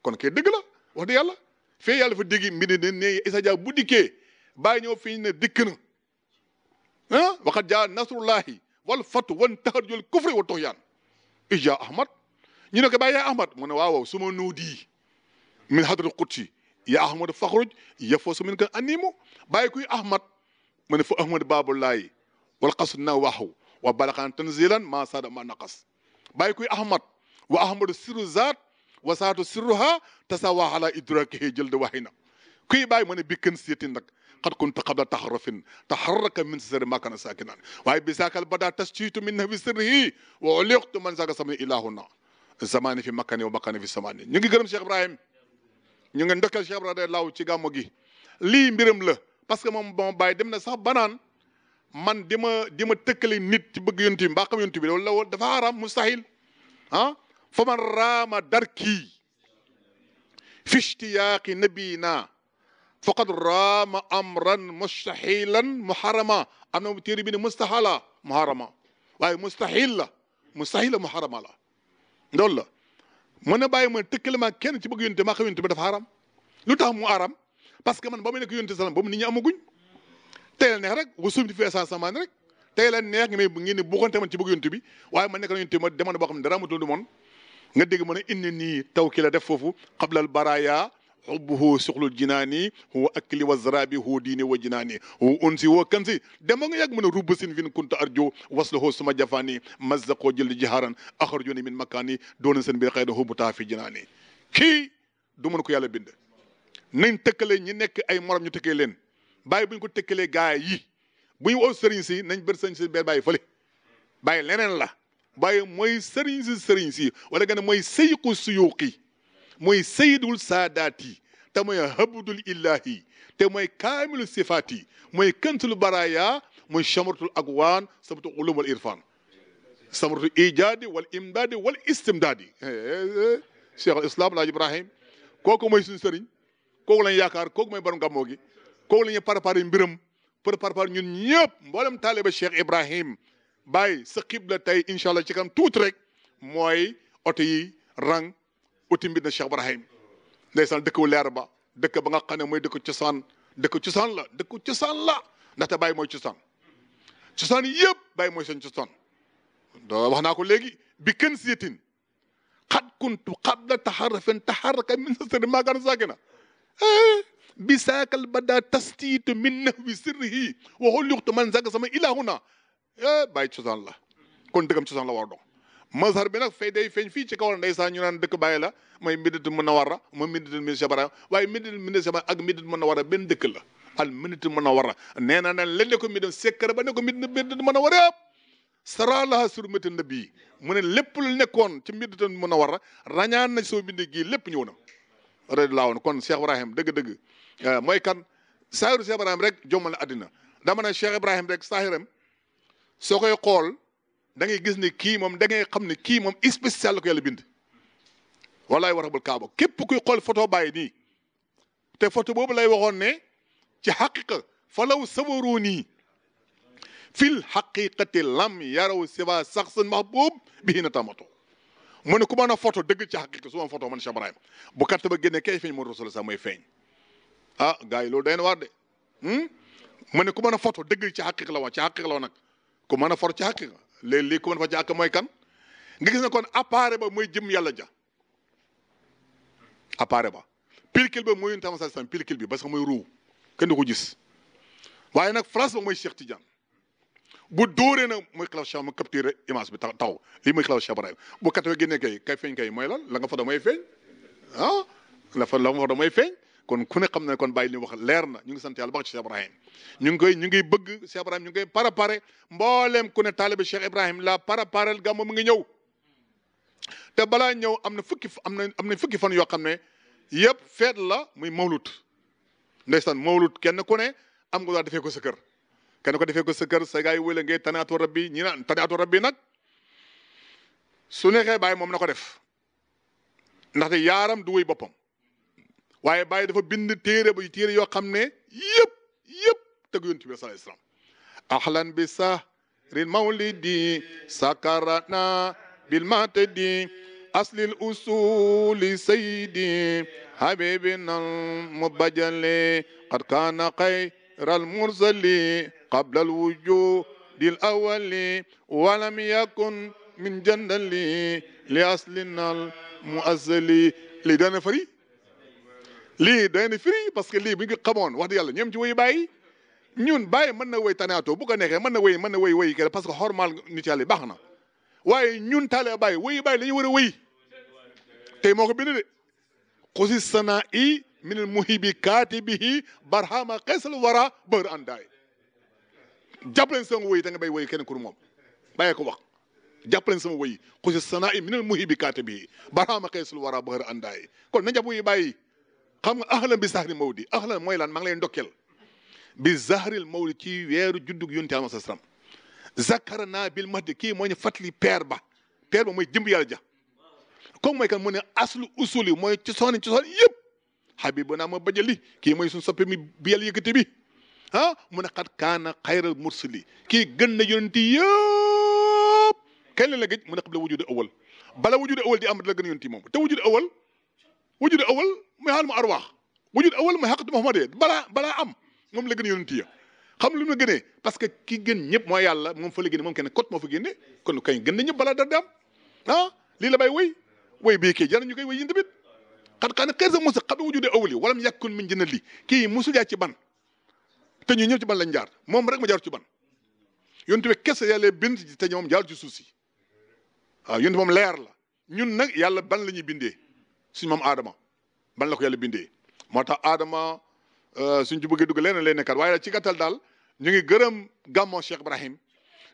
kon kay dëgg la wax dëgg yàlla fee yàlla fa dégg mbir ne ne Issa Dia bu dikkee bàyyi ñëw fi ñu ne dikk na ah waxat jaa wal fatu wan taharjul kufri wa toxyaan ija ahmad ñu ne ko bàyyi yaa ahmad mu ne waaw waaw suma nuudi min hadru qudsi yaa ahmad faxruj yafoo su min kan animu bàyyi kuy ahmad mu ne fa ahmad baabullahi wal qas na waaxu wa balaxaan tanzilan ma saada ma naqas bàyyi kuy ahmad wa ahmadu siru zaat wasaatu sirruha tasawaa ala idrakihi jëlde waxina kuy bàyyi mu ne bi kën siyatin nag qad kunta qabla taxarufin taxarraka min sirri ma kana sakinan waaye bi saakal bada tasjiitu min nahwi sirrihi wa uliqtu man saaka samani ilahuna zamani fi makkani wa makkani fi samani ñu ngi gërëm Cheikh Ibrahim ñu ngi ndokkal Cheikh Ibrahim laaw ci gàmmu gi lii mbiram la parce que moom ba ma dem na sax banaan man di ma di ma tëkkale nit ci bëgg yontu bi mbaa xam yontu bi la woon dafa haram mustahil ah fa man raama darkii fi ishtiyaaqi nabiina faqad raama amran mustaxilan muharama am na téere bi ne mustahala muharama waaye mustaxil la mustaxila muharama la loolu la mën na bàyyi ma tëkkale ma kenn ci bëgg yónte maa xam yónte bi dafa haram lu tax mu haram parce que man ba muy nekk yónte salam boobu nit ñi amaguñ tey la neex rek wasum ti fi essence samaan rek tey la neex nga ne ngeen ne buxante man ci bëgg yónte bi waaye man nekk na yónte ma demoon boo xam ne dara amatul du moon nga dégg ma ne indi nii taw ki la def foofu xablal baraya xubbuhu suxlul jinaani huwa akli wa zarabi huwa diini wa jinaani huwa unsi wa kansi dema nga yàgg mën a rubb sin fin kunta arjo waslahu suma jafaani mazzaqoo jëldi jihaaran axarjuni min makaani doona seen biir xëy da bu taa fi jinaani kii du mën ko yàlla bind nañ tëkkale ñi nekk ay morom ñu tëkkee leen bàyyi buñ ko tëkkalee gaay yi bu ñu oo sëriñ si nañ bër sëriñ si benn bàyyi fële bàyyi leneen la waaye mooy sëriñ si sëriñ si wala nga ne mooy sayqu suyuqi mooy saydul saadaat yi te mooy habdul illahi te mooy kaamilu sifaat yi mooy kantul baraya mooy chamratul akwaan samtu ulum wal irfan samratu ijaadi wal imdaadi wal istimdaadi cheikh al islam laaj ibrahim kooku mooy suñu sëriñ kooku lañ yaakaar kooku mooy borom gàmmoo gi kooku la ñuy préparé mbiram pour préparé ñun ñëpp mboolem taaliba cheikh ibrahim bàyyi sa xibla tey incha allah ci kanam tuuti rek mooy oto yi rang uti mbir na Cheikh Ibrahim ndeysaan dëkk wu leer ba dëkk ba nga xam mooy dëkk cosaan dëkk cosaan la dëkk cosaan la ndaxte bàyyi mooy cosaan cosaan yëpp bàyyi mooy seen cosaan doo wax naa ko léegi bi kenn siyatin xat kuntu qabla taxarrufin taxarraka min sirri maa kaana saakina eh, bi saakal ba daa tastiitu min nahwi sirrihi wa xulluqtu man zaaka sama ilahuna é bàyyi cosaan la kon dëkkam cosaan la war a dox masar bi nag fay day feeñ fii ci kaw ndeysaan ñu naan dëkk bàyyi la mooy Médinatu Munawwara mooy Médinatu Médinatu Jabara waaye Médinatu Médinatu Jabara ak Médinatu Munawwara benn dëkk la al Médinatu Munawwara nee naa ne leen ne ko Médinatu sekkare ba ne ko Médinatu Munawwara la saralaha surmati nabi mu ne lépp lu nekkoon ci mën Médinatu Munawwara rañaan na soo bindee gii lépp ñëw na radi laa woon kon Cheikh Ibrahim dëgg-dëgg mooy kan saahiru Cheikh Ibrahim rek jomal addina dama ne Cheikh Ibrahim rek soo koy xool da ngay gis ni kii moom da ngay xam ne kii moom spécial la ko yàlla bind. wallaay warabul kaaba képp kuy xool photo bàyyi nii te photo boobu lay waxoon ne ci xaqiqa falaw sawaroo nii fil xaqiqati lam yaraw siba saxsan mahbub bihi na tamato mu ne ku mën a photo dëgg ci xaqiqa su ma photo man Cheikh Ibrahima bu carte ba génnee kay feeñ moo rasul sax mooy feeñ ah gars yi loolu day na waar de hmm? mu ne ku mën a photo dëgg ci xaqiqa la wax ci nag ku mën a for ci a for mooy kan ngi gis ne kon appareil ba mooy jëm yàlla ja appareil ba pilkil ba mooy tam sasam pilkil bi parce que mooy ruu kenn du ko gis waaye nag phrase ba mooy Cheikh Tidiane bu dóoree na mooy xilaf Cheikh image bi tax taxaw lii mooy xilaf Cheikh bu kat we génnee kay kay feeñ kay mooy lan la nga fa mooy feeñ ah la fa la nga fa mooy feeñ kon ku ne xam na kon bàyyi li wax leer na ñu ngi sant yàlla baax ci ñu ngi koy ñu ngi bëgg Cheikh ñu ngi koy préparé mbooleem ku ne taalibe Cheikh Ibrahim la préparé gàmmu mu ngi ñëw te balaa ñëw am na fukki am na am na fukki fan yoo xam ne yëpp feet la muy mawlut ndeysaan mawlut kenn ku ne am nga daal defee ko sa kër kenn ko defee ko sa kër sa yi yi wële ngay tanaatu rabbi ñi naan tanaatu rabbi nag su neexee bàyyi moom na ko def ndaxte yaaram du wuy boppam waaye bàyyi dafa bind téere ba téere yoo xam ne yëpp yëpp tegu yonent bi sallallahu alayhi wasallam ahlan bi sahrin mawlidi sakarana bil matadi aslil usuli sayidi habibina mubajali qad kana khayra al mursali qabla al wujudi al awali wa lam yakun min jandali li aslina al muazzali li dana fari lii day ni firi parce que lii bi nga xamoon wax dëgg yàlla ñoom ci woyu bàyyi ñun bàyyi mën na woy tanaato bu ko neexee mën na woy man na woy woy kere parce que xormaal nit yàlla baax na waaye ñun taalee bàyyi woyu bàyyi la ñu war a woy tey moo ko bind de xusi sana i minel muhibi kaatibihi barhama xeesal wara bër andaay jàpp leen sama woy te nga bay woy kenn kur moom bàyyee ko wax jàpp sama woy xusi sana i minel muhibi kaatibihi barhama xeesal wara bër kon na jàpp woyu bàyyi xam nga ahlan bi zahri mawdi ahlan mooy lan maa ngi lay ndokkeel bi zahril mawdi ci weeru juddug yonent Yàlla sasram zakara naa bil mahdi kii moo ñu fàttali peer ba peer ba mooy jëmb yàlla ja comme mooy kan mu ne aslu usul yi mooy cosaani cosaan yëpp habibu naa ma bajali kii mooy suñu soppe mi bi yàlla yëkkati bi ah mu ne xat kaana xayral mursali ki gën na yonent yëpp kañ la la gëj mu ne qabla wujude awal bala wujude awal di am la gën a yonent moom te wujude awal muy xaaluma arwaax wujud awal muy xaqatu Muhammadee moom la gën yonent xam lu mu gënee parce que ki gën ñëpp mooy yàlla moom fa la génne moom moo fa génne kon kay gën na ah, la bay woy woy bii kii jar ñu koy woy yéen tamit xat xana xeesa musa xat wujude awli walam yàkkun min jëna li kii musul jaar ci ban te ñu ñëpp ci ban lañ jaar moom rek ma jaar ci ban yonent bi kese yàlla bind ci te ñoom jaar ci suuf si waaw ah, yonent moom leer la ñun nag yàlla ban la ñuy bindee si moom aadama ban la ko yàlla bindee moo tax aadama euh, suñ ci bëggee dugg leneen lay nekkaat waaye ci gàttal daal ñu ngi gërëm gàmmoo Cheikh Ibrahim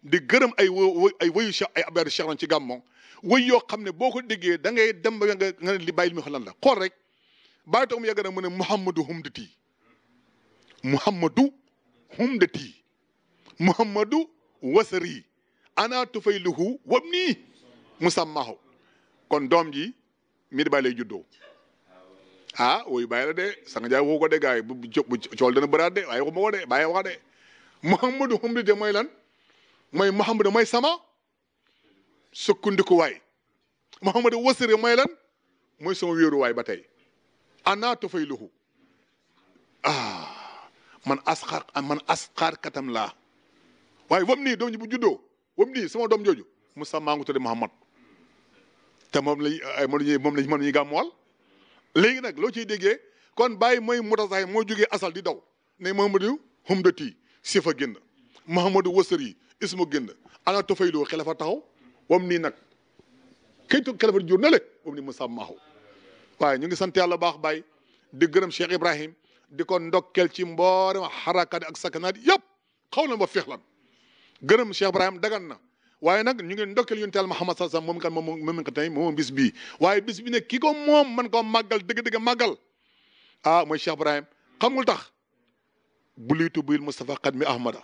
di gërëm ay w ay wëyu Cheikh ay abdou Cheikh ci gàmmoo wëy yoo xam ne boo ko déggee da ngay dem ba nga nga li bàyyi mi lan la xool rek bàyyi taxum yàgg na mu ne Muhammadu humdati Muhammadu humdati Muhammadu wasari ana tufayluhu wabni musammahu kon doom ji mi di bàyyi lay juddoo ah wuyu bàyyi la de sang jaay waxu ko de gars yi bu cool dana bëraat de waaye waxuma ko de bàyyi wax de Muhammadu humdite mooy lan mooy Muhammadu mooy sama sukkandikuwaay Muhammadu wasire mooy lan mooy sama wéeruwaay ba tey ana tofay luxu ah man asxaar man asxaar katam laa waay wam nii doom ji bu juddoo wam nii sama doom jooju Moussa maa ngi tudd Muhammad te moom lañ moom lañ moom lañ gàmmuwal léegi nag loo ciy déggee kon bàyyi mooy mutasaay moo jógee asal di daw ne Mahamadou humdati sifa génn Mahamadou wasari isma génn ana tofayloo xelafa taxaw wam nii nag këytu xelafa jur na le wam ni mu waaye ñu ngi sant yàlla baax baay di gërëm Cheikh Ibrahim di ko ndokkel ci mboolem xarakaat ak sakanaat yëpp xaw na ba feexlan gërëm Cheikh Ibrahim dagan na waaye nag ñu ngi ndokkeel yun teel Muhammad sa sa moom kan moom moom ko tey moom bis bii waaye bis bi ne ki ko moom man ko màggal dëgg-dëgg màggal ah mooy Cheikh Ibrahim xamul tax buliitu bil Mustafa xad mi ahmada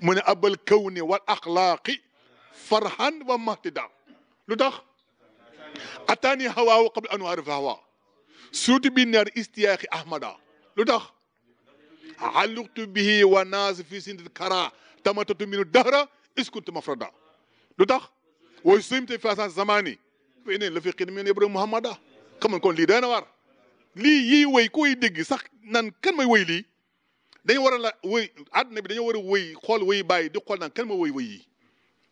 mu ne abal kawni wal axlaaqi farhan wa mahtida lu tax ataani hawaawu qabla an uarifa hawa suuti bi naar istiyaaxi ahmada lu tax alluqtu bihi wa naas fi sindit kara tamatatu minu dahra iskuntu mafrada lu tax wooy sumte façan zamani fa ineen la fi xir min ibrahim muhammada ah. xaman kon lii na waar lii yii woy ko koy dégg sax nan kan may woy lii dañu war a la woy àdduna bi dañoo war a woy xool woy bàyyi di xool nan kan ma woy woy yi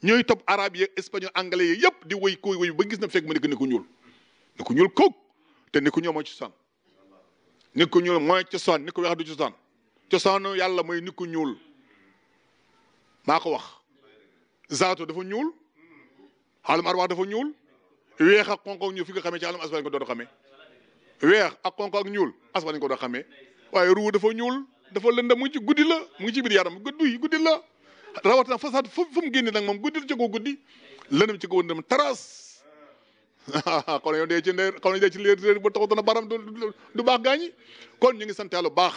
ñooy topp arabe yi espagnol anglais yi yëpp di way ko woy ba gis na fekk mu nekk ni ko ñuul ni ñuul koog te ni ko ñuul mooy cosaan ni ko ñuul mooy cosaan ni ko weex du cosaan cosaanu yàlla mooy ni ko ñuul maa ko wax zaato dafa ñuul xaalum arwaax dafa ñuul weex a xonq ak ñuul fi nga xamee ci xaalum asfar lañ ko doon xamee weex ak xonq ak ñuul asfar lañ ko doon xamee waaye ruu dafa ñuul dafa lëndëm mu ci guddi la mu ngi ci biir yaram guddi guddi la rawatina fasaad fu fu mu génne nag moom guddi la ca koo guddi lëndëm ci ko a taras kon yow dee ci leer kon dee ci leer réer ba taxutoon a baram du baax gaañi kon ñu ngi sant yàlla baax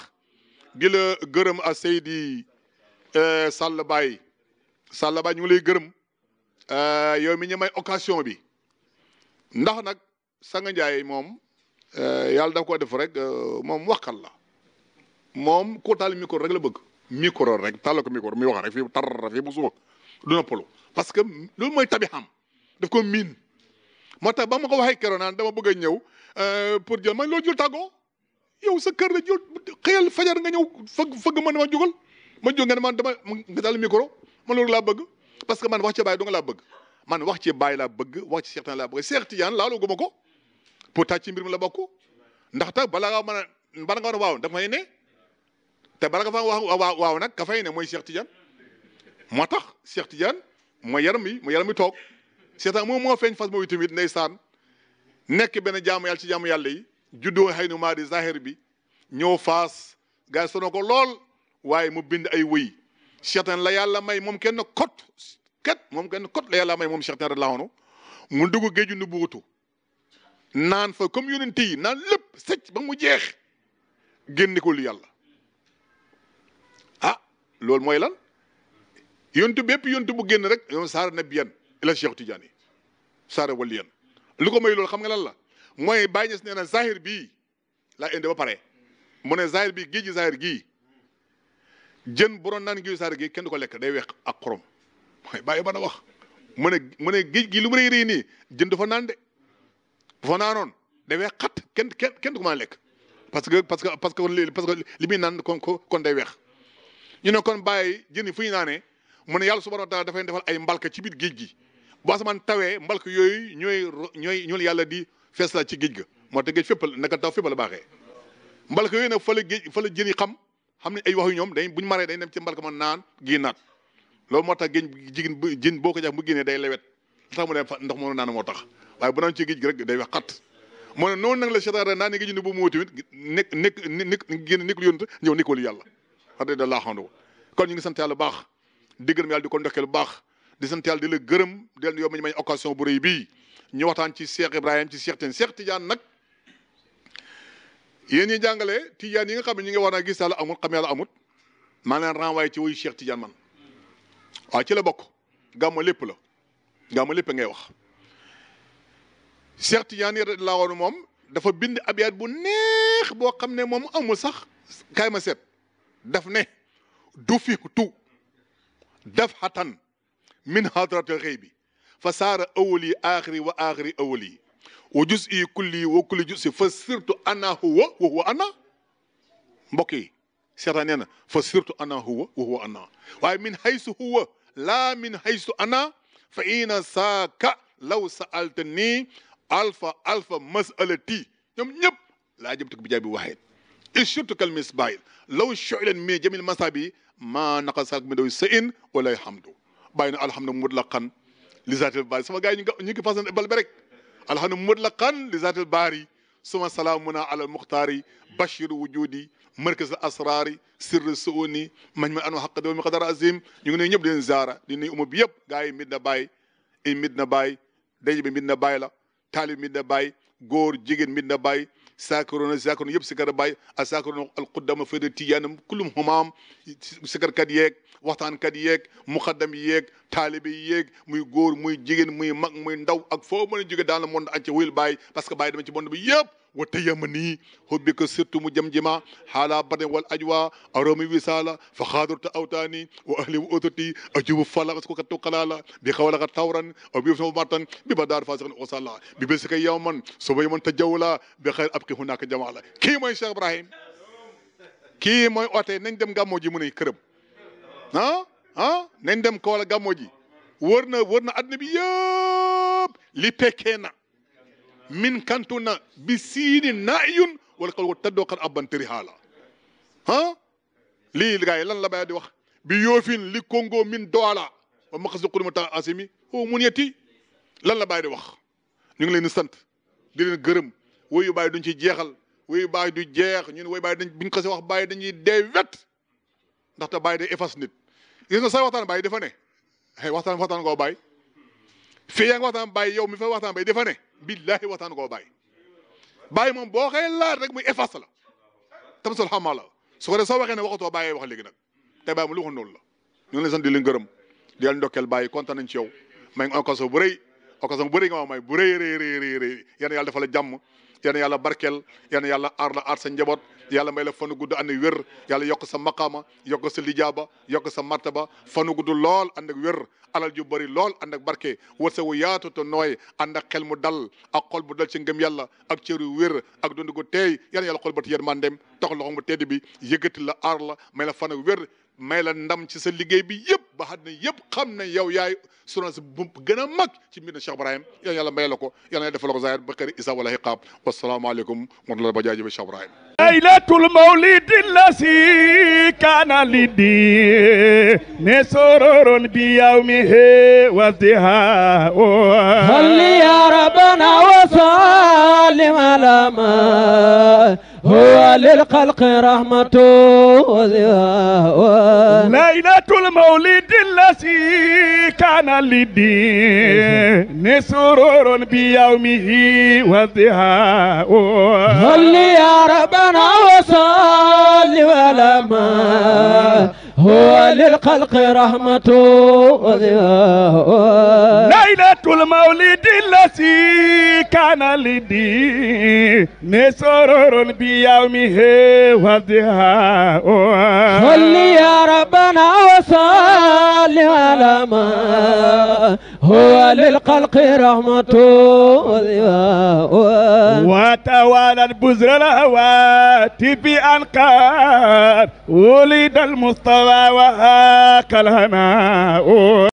gi la gërëm a Seydi eh, Sall Baye Salla Ba ñu ngi lay gërëm euh, yow mi ñu may occasion bi ndax nag Sanga Ndiaye moom euh, yàlla daf ko def rek euh, moom waxkat la moom ku taal micro rek la bëgg. micro rek taal ko micro mi wax rek fii tar fii bu suba du parce que loolu mooy tabi xam daf ko miin moo tax ba ma ko waxee keroog naan dama bëgg a ñëw pour jël man loo jël tàggoo yow sa kër la jël xëyal fajar nga ñëw fëgg fëgg ma ne ma jógal ma jóg ne man dama nga man loolu laa bëgg parce que man wax ci baay du nga laa bëgg man wax ci bàyyi laa bëgg wax ci Cheikh Tidiane laa bëgg Cheikh Tidiane laalu guma ko pourtant ci mbir mu la bokk ndax tax bala nga mën waaw dafa may ne te bala nga waaw nag ka fay ne mooy Cheikh Tidiane moo tax Cheikh Tidiane mooy yaram mi mooy yaram mi toog seetaan moom moo feeñ fas mooy tamit saan nekk benn jaamu yàlla ci jaamu yàlla yi juddoo xëy na maa di bi ñëw faas ga yi ko lool waaye mu bind ay wëy seytaan la yàlla may moom kenn kot ket moom kenn kot la yàlla may moom seytaan rek laa mu dugg géeju nu buutu naan fa comme yonent yi naan lépp sëcc ba mu jeex génne ko lu yàlla ah loolu mooy lan yontu bépp yontu bu génn rek yow saara nabiyan ila Cheikh Tidiane saara waliyan lu ko may loolu xam nga lan la mooy bàyyi ñes nee zahir bii la indi ba pare mu ne zahir bi géej gi zahir gii jën bu doon naan géeju saar gi kenn du ko lekk day weex a xorom mooy bàyyi ba na wax mu ne mu ne géej gi lu mu rëy rëy nii jën dafa naan de bu fa naanoon day weex xat kenn kenn kenn du ko mën lekk parce que parce que parce parce que li muy naan kon kon day weex ñu ne kon bàyyi jën yi fu ñu naanee mu ne yàlla subhanahu wa taala dafay defal ay mbalka ci biit géej gi bu asamaan tawee mbalka yooyu ñooy ñooy ñooy yàlla di fees la ci géej ga moo tax géej fépp la naka taw fépp la baaxee mbalka yooyu nag fa la géej fa jën yi xam xam ne ay wax yu ñoom dañ buñ maree day dem ci mbalka ma naan génnaat loolu moo tax géej jigéen jën boo ko jax mu génnee day lewet lu tax mu dem fa ndox moom naan moo tax waaye bu naan ci géej rek day wax xat moo ne noon nag la seytaane naan ni nga jënd bu mu tamit nekk nekk nekk génn nekkul yonent ñëw nekkoolu yàlla wax dëgg da laa xandu kon ñu ngi sant baax di gërëm yàlla kon ko ndokkeel baax di sant yàlla di la gërëm del yow ma ñu may occasion bu rëy bii ñu waxtaan ci Cheikh Ibrahima ci Cheikh Tidiane Cheikh Tidiane nag yéen ñi jàngale tijaan yi nga xam ne ñu ngi war a gis yàlla amut xam yàlla amut maa leen renvoyé ci wuyu Cheikh Tidiane man waaw ci la bokk gàmmu lépp la gàmmu lépp ngay wax Cheikh Tidiane laa woon moom dafa bind abiyaat bu neex boo xam ne moom amul sax kaay ma seet daf ne du fi tu daf xatan min hadratil xëy bi fa saara awali aaxiri wa aaxiri awali wa jus yi kulli wa kulli jus fa surtout ana huwa wa huwa ana mbokk yi seetaan nee na fa surtout ana huwa wa huwa ana waaye min haysu huwa laa min haysu ana fa ina saaka law saalta nii alfa alfa masalati ñoom ñëpp laa jëmtuk bi jaay bi waxeet surtout kal misbaayil law shuilan mi jamil masabi maa naqasak mi daw sa in walay hamdu bàyyi na alhamdu mutlaqan lisaatil baay sama gars yi ñu ngi fasan bal bi rek alhanu mutlaqan li zaati albaari suma salaamuna ala almuxtaari bashir wujudi markaz al asraari sirr suuni mañ ma anu xaq doomi qadar azim ñu ngi nuyu ñëpp di leen zaara di nuyu uma bi yëpp gars yi mit na bàyyi i mit na bàyyi daje bi mit na bàyyi la taalib mit na bàyyi góor jigéen mit na bàyyi saakaroona saakaroon yëpp sikar a bàyyi a saakaroona alquddama fayda tijaanam kulum xumaam sikarkat yeeg waxtaankat yeeg muqaddam yeeg taalibe yeeg muy góor muy jigéen muy mag muy ndaw ak foo mën a jóge a le monde entier wuyul bàyyi parce que bàyyi dama ci monde bi yëpp wa tayamani hubbika sirtu mu jam jima haala bade wal ajwa aromi wisala fa khadarta awtani wa ahli wa utati ajubu fala ko kattu qalala bi khawla tawran aw bi fuma bartan bi badar fasikhan usalla bi bisika yawman suba yawman tajawla bi khair abqi hunaka jamala kii mooy Cheikh Ibrahim kii mooy oote nañ dem gàmmoo ji mu ne këram ah ah nañ dem ko wala gàmmoo ji wër na wër na àdduna bi yëpp li pekkee na min kantuna bi siini naayun wala xal wa taddoo xar abbantari haala ah lii gars yi lan la bàyyi di wax bi yoofin li Congo min doala wa maqasi ta asimi o mun yeti lan la bàyyi di wax ñu ngi leen di sant di leen gërëm woyu baay duñ ci jeexal woyu baay du jeex ñun woyu baay dañ buñ ko si wax bàyyi dañuy dee wet ndaxte bàyyi day efface nit gis nga say waxtaan bàyyi dafa ne waxtaan waxtaan koo bàyyi fii yaa ngi waxtaan baay yow mi fa waxtaan bàyyi dafa ne billahi waxtaan koo bàyyi bàyyi moom boo koy laal rek muy efface la tam sol xamaa la su ko def soo waxee ne waxatoo bàyyee wax léegi nag te bàyyi mu lu ko noonu la ñu ngi leen sant di leen gërëm di leen ndokkeel bàyyi kontaan nañ ci yow may nga occasion bu rëy occasion bu rëy nga ma may bu rëy rëy rëy rëy yéen yàlla dafa la jàmm yéen yàlla barkeel yéen yàlla aar la aar sa njaboot yàlla may la fanu gudd ànd ak wér yàlla yokk sa yokk sa lijaaba yokk sa martaba fanu gudd lool ànd ak wér alal ju bëri lool ànd barke wërsëg wu ta nooy ànd ak xel mu dal ak xol bu dal ci ngëm yàlla ak cër yu wér ak dund gu teey yàlla yàlla xol ba ti yërmandeem tax loxo mu tedd bi yëkkati la aar la may la fan ak wér may la ndam ci sa liggéey bi yëpp ba xam ne yëpp xam ne yow yaay assurance bu gën a mag ci mbir na Cheikh Ibrahim yal yàlla may la ko yal na defal ko zaahir ba kër isa wala xiqaab wasalaamaaleykum wa rahmatulah ba jaajëf Cheikh Ibrahim laylatul mawlid allasi kaana lidi ne sororon bi yawmihi wa diha salli ya rabbana wa sallim ala ma هو للخلق رحمة وزواء ليلة المولد الذي كان للدين سرور بيومه وضحاء صل يا ربنا وصل ولما هو للخلق رحمة ليلة المولد الذي كان لدين سرور بيومه وضحاه صلي يا ربنا وصلي على ما هو للخلق رحمة وتوالى البزر الهوات بأنقار ولد المصطفى وهاك الهناء